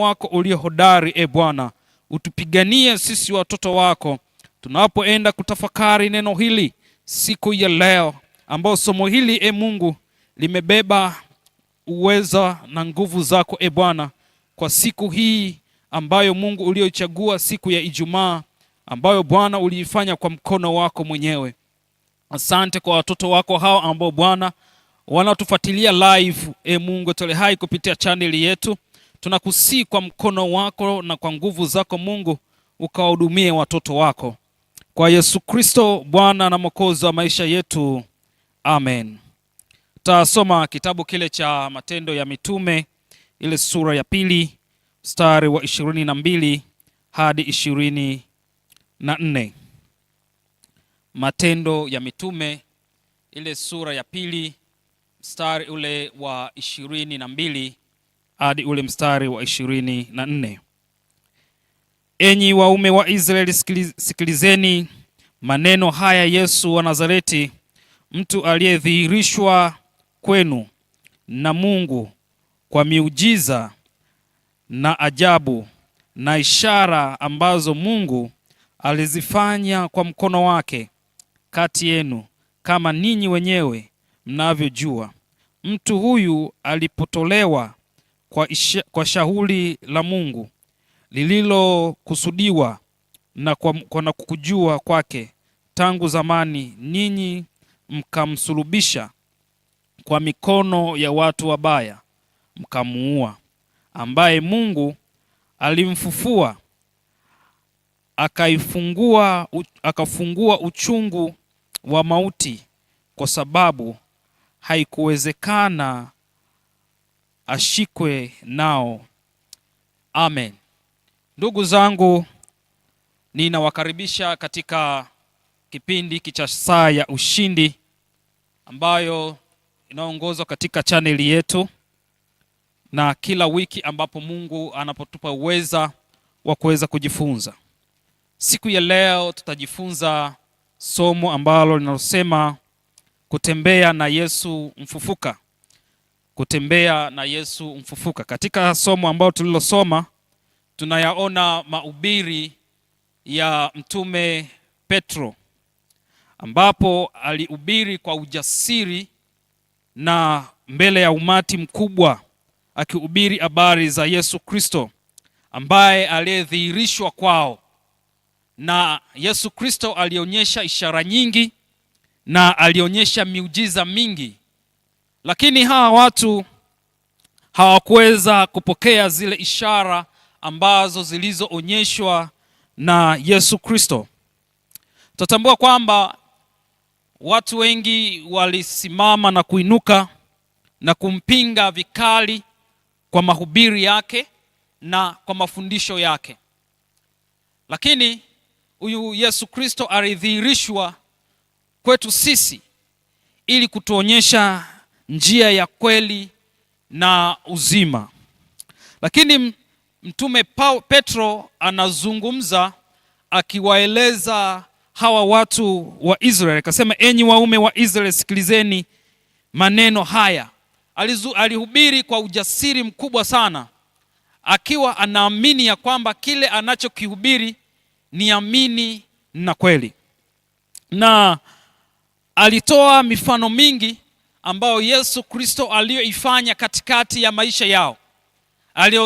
wako ulio hodari, e Bwana, utupiganie sisi watoto wako tunapoenda kutafakari neno hili siku ya leo, ambao somo hili e Mungu limebeba uweza na nguvu zako e Bwana, kwa siku hii ambayo Mungu uliochagua siku ya Ijumaa, ambayo Bwana uliifanya kwa mkono wako mwenyewe. Asante kwa watoto wako hao ambao Bwana wanatufuatilia live, e Mungu tole hai kupitia chaneli yetu Tunakusii kwa mkono wako na kwa nguvu zako Mungu, ukawahudumie watoto wako kwa Yesu Kristo Bwana na Mwokozi wa maisha yetu, amen. Tasoma kitabu kile cha Matendo ya Mitume ile sura ya pili mstari wa ishirini na mbili hadi ishirini na nne. Matendo ya Mitume ile sura ya pili mstari ule wa ishirini na mbili hadi ule mstari wa ishirini na nne. Enyi waume wa Israeli, sikilizeni maneno haya Yesu wa Nazareti, mtu aliyedhihirishwa kwenu na Mungu kwa miujiza na ajabu na ishara ambazo Mungu alizifanya kwa mkono wake kati yenu, kama ninyi wenyewe mnavyojua. Mtu huyu alipotolewa kwa, isha, kwa shauri la Mungu lililokusudiwa na kwa, kwa na kukujua kwake tangu zamani, ninyi mkamsulubisha kwa mikono ya watu wabaya, mkamuua, ambaye Mungu alimfufua akaifungua akafungua uchungu wa mauti, kwa sababu haikuwezekana ashikwe nao. Amen. Ndugu zangu, ninawakaribisha katika kipindi hiki cha Saa ya Ushindi ambayo inaongozwa katika chaneli yetu na kila wiki ambapo Mungu anapotupa uweza wa kuweza kujifunza. Siku ya leo tutajifunza somo ambalo linalosema kutembea na Yesu mfufuka kutembea na Yesu mfufuka. Katika somo ambalo tulilosoma, tunayaona mahubiri ya Mtume Petro ambapo alihubiri kwa ujasiri na mbele ya umati mkubwa, akihubiri habari za Yesu Kristo ambaye aliyedhihirishwa kwao, na Yesu Kristo alionyesha ishara nyingi na alionyesha miujiza mingi lakini hawa watu hawakuweza kupokea zile ishara ambazo zilizoonyeshwa na Yesu Kristo. tutatambua kwamba watu wengi walisimama na kuinuka na kumpinga vikali kwa mahubiri yake na kwa mafundisho yake, lakini huyu Yesu Kristo alidhihirishwa kwetu sisi ili kutuonyesha njia ya kweli na uzima. Lakini mtume Petro anazungumza akiwaeleza hawa watu wa Israeli, akasema, enyi waume wa Israeli, sikilizeni maneno haya. Alizu, alihubiri kwa ujasiri mkubwa sana akiwa anaamini ya kwamba kile anachokihubiri ni amini na kweli, na alitoa mifano mingi ambayo Yesu Kristo aliyoifanya katikati ya maisha yao.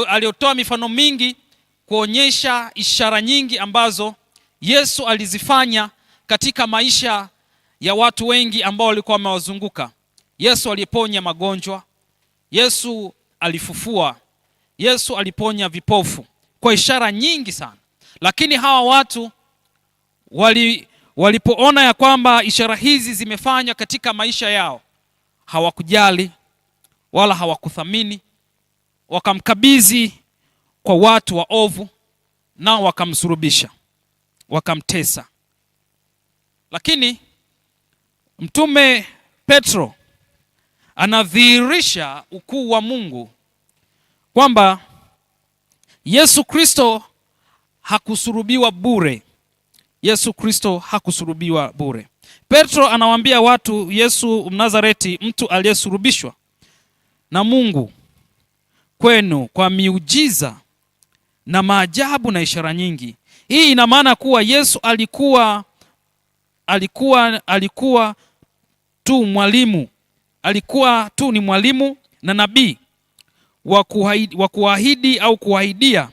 Aliyotoa mifano mingi kuonyesha ishara nyingi ambazo Yesu alizifanya katika maisha ya watu wengi ambao walikuwa wamewazunguka. Yesu aliponya magonjwa, Yesu alifufua, Yesu aliponya vipofu kwa ishara nyingi sana, lakini hawa watu wali, walipoona ya kwamba ishara hizi zimefanywa katika maisha yao hawakujali wala hawakuthamini, wakamkabidhi kwa watu waovu, nao wakamsurubisha, wakamtesa. Lakini Mtume Petro anadhihirisha ukuu wa Mungu kwamba Yesu Kristo hakusurubiwa bure. Yesu Kristo hakusurubiwa bure. Petro anawaambia watu Yesu Mnazareti, mtu aliyesurubishwa na Mungu kwenu kwa miujiza na maajabu na ishara nyingi. Hii ina maana kuwa Yesu alikuwa alikuwa alikuwa tu mwalimu, alikuwa tu ni mwalimu na nabii wa kuahidi au kuahidia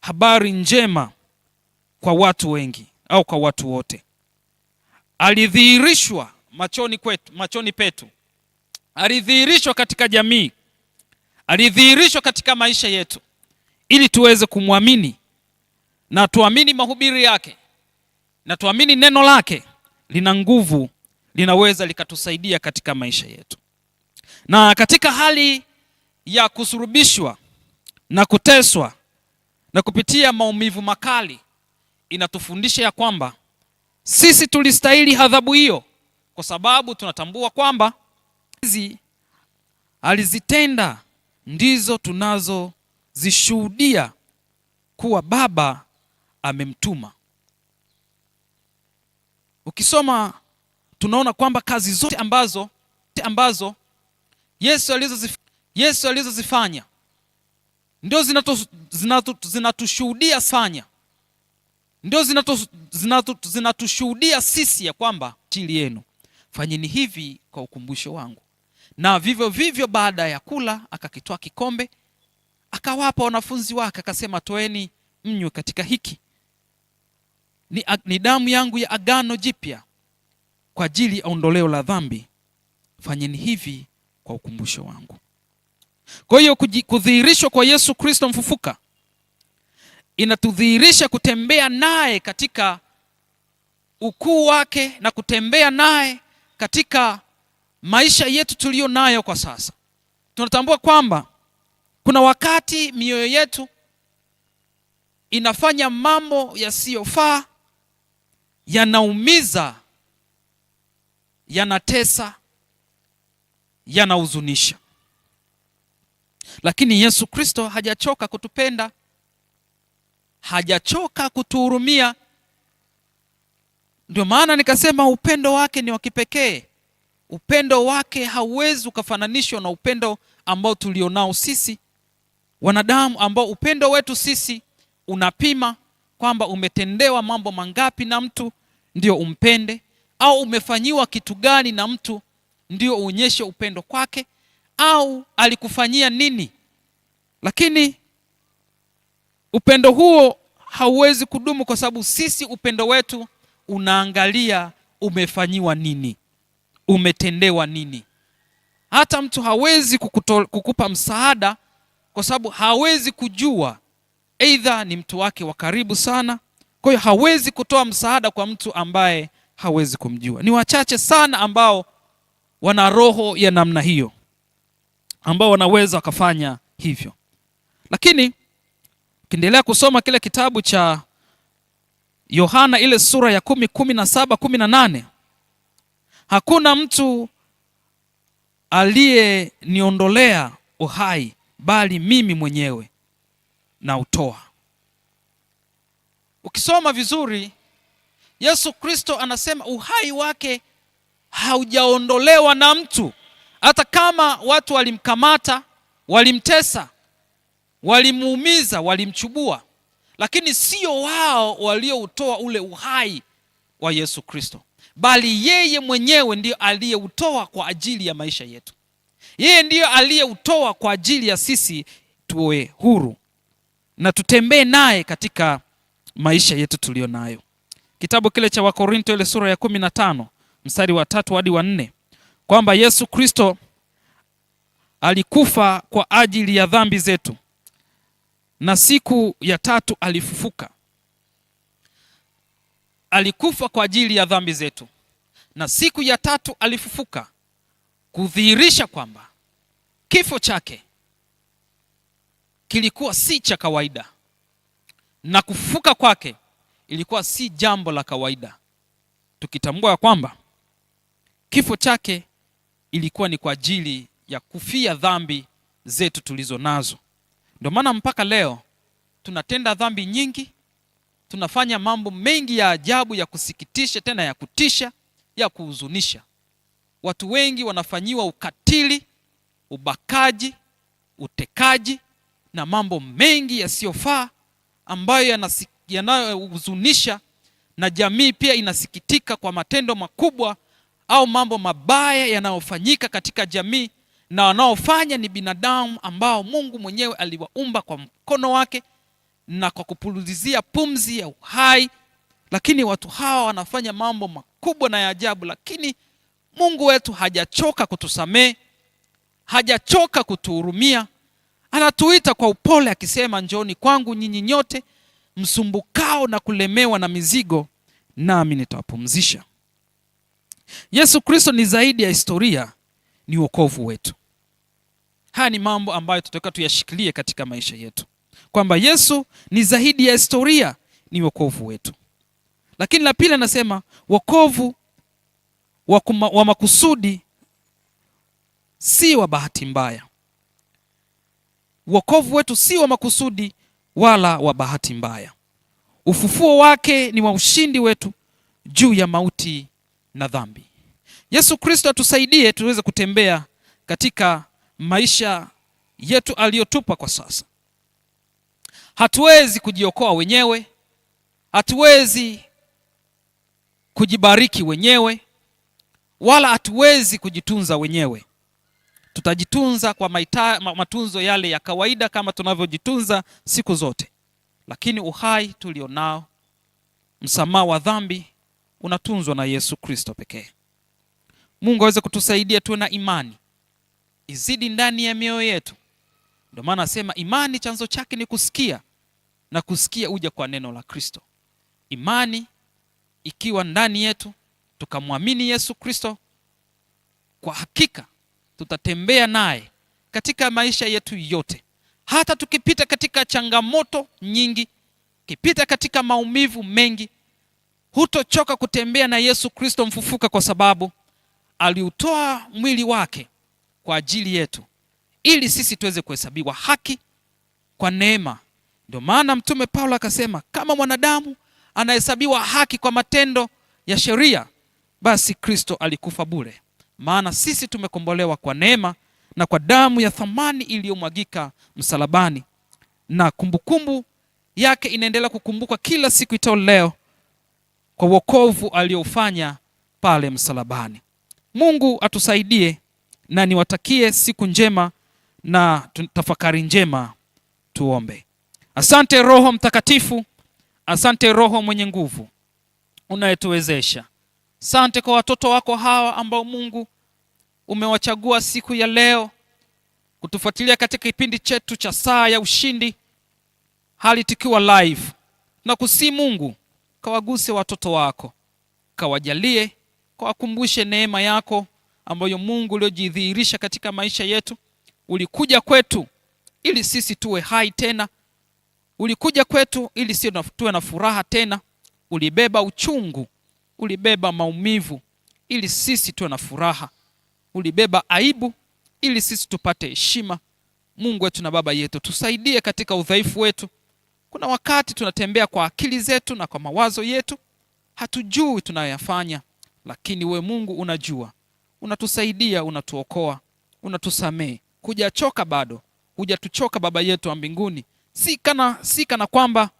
habari njema kwa watu wengi au kwa watu wote alidhihirishwa machoni kwetu, machoni petu, alidhihirishwa katika jamii, alidhihirishwa katika maisha yetu, ili tuweze kumwamini na tuamini mahubiri yake na tuamini neno lake lina nguvu, linaweza likatusaidia katika maisha yetu. Na katika hali ya kusurubishwa na kuteswa na kupitia maumivu makali, inatufundisha ya kwamba sisi tulistahili adhabu hiyo kwa sababu tunatambua kwamba hizi alizitenda ndizo tunazozishuhudia kuwa Baba amemtuma. Ukisoma tunaona kwamba kazi zote ambazo, ambazo Yesu alizozifanya Yesu ndio zinatushuhudia zinatu, zinatu sanya ndio zinatushuhudia sisi ya kwamba chili yenu fanyeni hivi kwa ukumbusho wangu. Na vivyo vivyo, baada ya kula akakitoa kikombe akawapa wanafunzi wake akasema, toeni mnywe katika hiki, ni, ni damu yangu ya agano jipya kwa ajili ya ondoleo la dhambi, fanyeni hivi kwa ukumbusho wangu. Kwa hiyo kudhihirishwa kwa Yesu Kristo mfufuka inatudhihirisha kutembea naye katika ukuu wake na kutembea naye katika maisha yetu tuliyo nayo kwa sasa. Tunatambua kwamba kuna wakati mioyo yetu inafanya mambo yasiyofaa, yanaumiza, yanatesa, yanahuzunisha, lakini Yesu Kristo hajachoka kutupenda hajachoka kutuhurumia. Ndio maana nikasema upendo wake ni wa kipekee. Upendo wake hauwezi ukafananishwa na upendo ambao tulionao sisi wanadamu, ambao upendo wetu sisi unapima kwamba umetendewa mambo mangapi na mtu ndio umpende, au umefanyiwa kitu gani na mtu ndio uonyeshe upendo kwake, au alikufanyia nini. Lakini Upendo huo hauwezi kudumu kwa sababu sisi upendo wetu unaangalia umefanyiwa nini, umetendewa nini. Hata mtu hawezi kukuto, kukupa msaada kwa sababu hawezi kujua, aidha ni mtu wake wa karibu sana. Kwa hiyo hawezi kutoa msaada kwa mtu ambaye hawezi kumjua. Ni wachache sana ambao wana roho ya namna hiyo, ambao wanaweza wakafanya hivyo, lakini Ukiendelea kusoma kile kitabu cha Yohana ile sura ya kumi, kumi na saba, kumi na nane, hakuna mtu aliyeniondolea uhai bali mimi mwenyewe na utoa. Ukisoma vizuri, Yesu Kristo anasema uhai wake haujaondolewa na mtu, hata kama watu walimkamata, walimtesa walimuumiza, walimchubua, lakini sio wao walioutoa ule uhai wa Yesu Kristo, bali yeye mwenyewe ndiyo aliyeutoa kwa ajili ya maisha yetu. Yeye ndiyo aliyeutoa kwa ajili ya sisi tuwe huru na tutembee naye katika maisha yetu tuliyo nayo. Kitabu kile cha Wakorinto ile sura ya kumi na tano mstari wa tatu hadi wa nne kwamba Yesu Kristo alikufa kwa ajili ya dhambi zetu na siku ya tatu alifufuka. Alikufa kwa ajili ya dhambi zetu, na siku ya tatu alifufuka, kudhihirisha kwamba kifo chake kilikuwa si cha kawaida na kufufuka kwake ilikuwa si jambo la kawaida, tukitambua ya kwamba kifo chake ilikuwa ni kwa ajili ya kufia dhambi zetu tulizo nazo. Ndio maana mpaka leo tunatenda dhambi nyingi, tunafanya mambo mengi ya ajabu, ya kusikitisha, tena ya kutisha, ya kuhuzunisha. Watu wengi wanafanyiwa ukatili, ubakaji, utekaji na mambo mengi yasiyofaa ambayo yanayohuzunisha, na jamii pia inasikitika kwa matendo makubwa au mambo mabaya yanayofanyika katika jamii na wanaofanya ni binadamu ambao Mungu mwenyewe aliwaumba kwa mkono wake na kwa kupuluzizia pumzi ya uhai, lakini watu hawa wanafanya mambo makubwa na ya ajabu, lakini Mungu wetu hajachoka kutusamehe, hajachoka kutuhurumia. Anatuita kwa upole akisema, njoni kwangu nyinyi nyote msumbukao na kulemewa na mizigo, nami nitawapumzisha. Yesu Kristo ni zaidi ya historia, ni wokovu wetu. Haya ni mambo ambayo tutatoka tuyashikilie katika maisha yetu, kwamba Yesu ni zaidi ya historia, ni wokovu wetu. Lakini la pili anasema wokovu wa, kuma, wa makusudi si wa bahati mbaya. Wokovu wetu si wa makusudi wala wa bahati mbaya. Ufufuo wake ni wa ushindi wetu juu ya mauti na dhambi. Yesu Kristo atusaidie tuweze kutembea katika maisha yetu aliyotupa kwa sasa. Hatuwezi kujiokoa wenyewe, hatuwezi kujibariki wenyewe, wala hatuwezi kujitunza wenyewe. Tutajitunza kwa maita, matunzo yale ya kawaida kama tunavyojitunza siku zote, lakini uhai tulionao, msamaha wa dhambi unatunzwa na Yesu Kristo pekee. Mungu aweze kutusaidia tuwe na imani izidi ndani ya mioyo yetu. Ndio maana asema imani chanzo chake ni kusikia na kusikia uja kwa neno la Kristo. Imani ikiwa ndani yetu tukamwamini Yesu Kristo, kwa hakika tutatembea naye katika maisha yetu yote, hata tukipita katika changamoto nyingi, kipita katika maumivu mengi, hutochoka kutembea na Yesu Kristo mfufuka, kwa sababu aliutoa mwili wake kwa ajili yetu ili sisi tuweze kuhesabiwa haki kwa neema. Ndio maana Mtume Paulo akasema kama mwanadamu anahesabiwa haki kwa matendo ya sheria, basi Kristo alikufa bure, maana sisi tumekombolewa kwa neema na kwa damu ya thamani iliyomwagika msalabani, na kumbukumbu kumbu yake inaendelea kukumbukwa kila siku itao leo kwa wokovu aliofanya pale msalabani. Mungu atusaidie na niwatakie siku njema na tafakari njema. Tuombe. Asante Roho Mtakatifu, asante Roho mwenye nguvu unayetuwezesha. Asante kwa watoto wako hawa ambao Mungu umewachagua siku ya leo kutufuatilia katika kipindi chetu cha Saa ya Ushindi, hali tukiwa live na kusi. Mungu kawaguse watoto wako, kawajalie kawakumbushe neema yako ambayo Mungu uliojidhihirisha katika maisha yetu. Ulikuja kwetu ili sisi tuwe hai tena, ulikuja kwetu ili sisi tuwe na furaha tena. Ulibeba uchungu, ulibeba maumivu ili sisi tuwe na furaha, ulibeba aibu ili sisi tupate heshima. Mungu wetu na Baba yetu, tusaidie katika udhaifu wetu. Kuna wakati tunatembea kwa akili zetu na kwa mawazo yetu, hatujui tunayoyafanya lakini we Mungu unajua, unatusaidia, unatuokoa, unatusamee hujachoka bado, hujatuchoka Baba yetu wa mbinguni. Si kana, si kana kwamba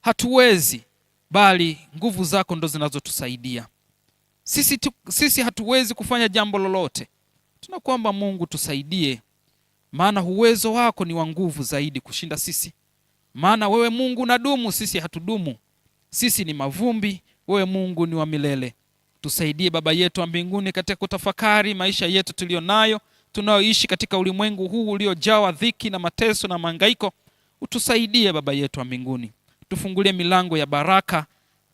hatuwezi, bali nguvu zako ndo zinazotusaidia sisi, tu, sisi hatuwezi kufanya jambo lolote. Tunakuomba Mungu tusaidie, maana uwezo wako ni wa nguvu zaidi kushinda sisi, maana wewe Mungu unadumu, sisi hatudumu. Sisi ni mavumbi, wewe Mungu ni wa milele. Tusaidie Baba yetu wa mbinguni katika kutafakari maisha yetu tuliyo nayo, tunayoishi katika ulimwengu huu uliojawa dhiki na mateso na mangaiko. Utusaidie Baba yetu wa mbinguni, tufungulie milango ya baraka,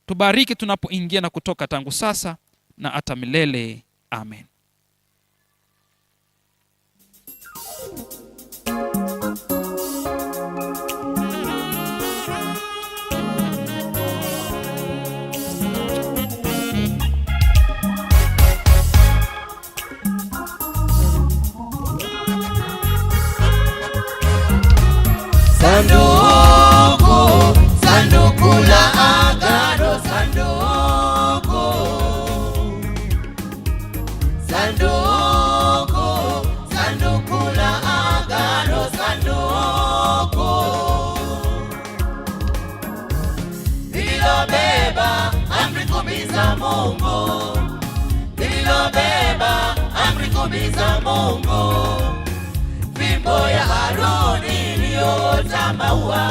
tubariki tunapoingia na kutoka, tangu sasa na hata milele. Amen. Mungu lilobeba amri kumi za Mungu, fimbo ya Haruni iliyoota maua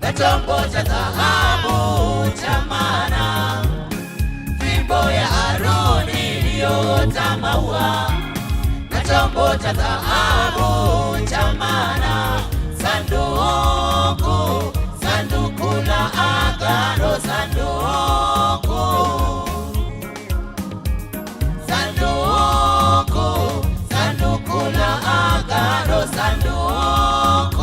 na chombo cha dhahabu cha mana. Fimbo ya Haruni iliyoota maua na chombo cha dhahabu cha mana. Sanduku, sanduku la agano, sanduku know.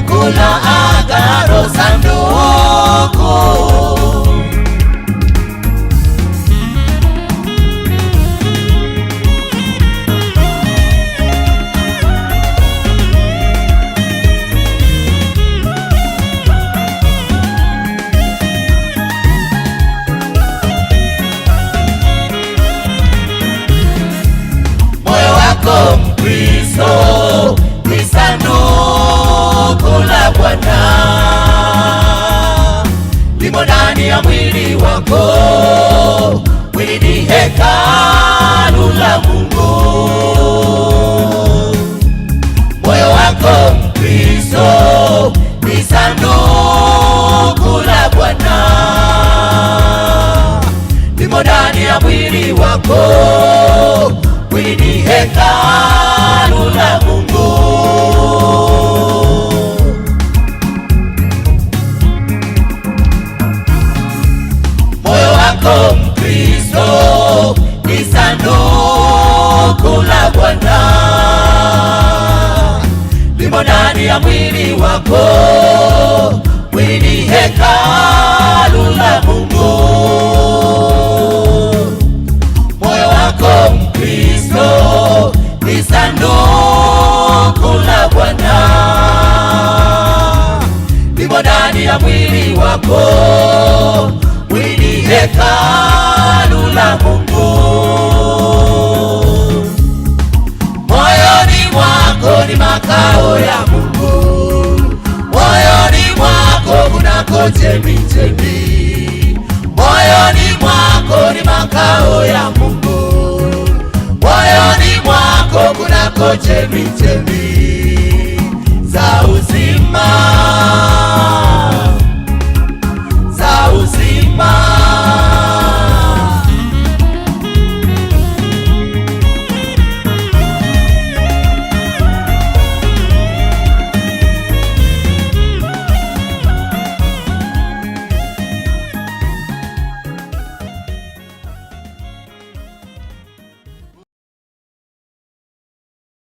fungu la Oh. ya mwili wako, mwili hekalu la Mungu, moyo wako Mkristo ni sanduku la Bwana, limo ndani ya mwili wako, mwili hekalu la Mungu ni makao ya yako chemichemi, moyoni mwako ni makao ya Mungu, moyoni mwako kunako chemichemi za uzima, za uzima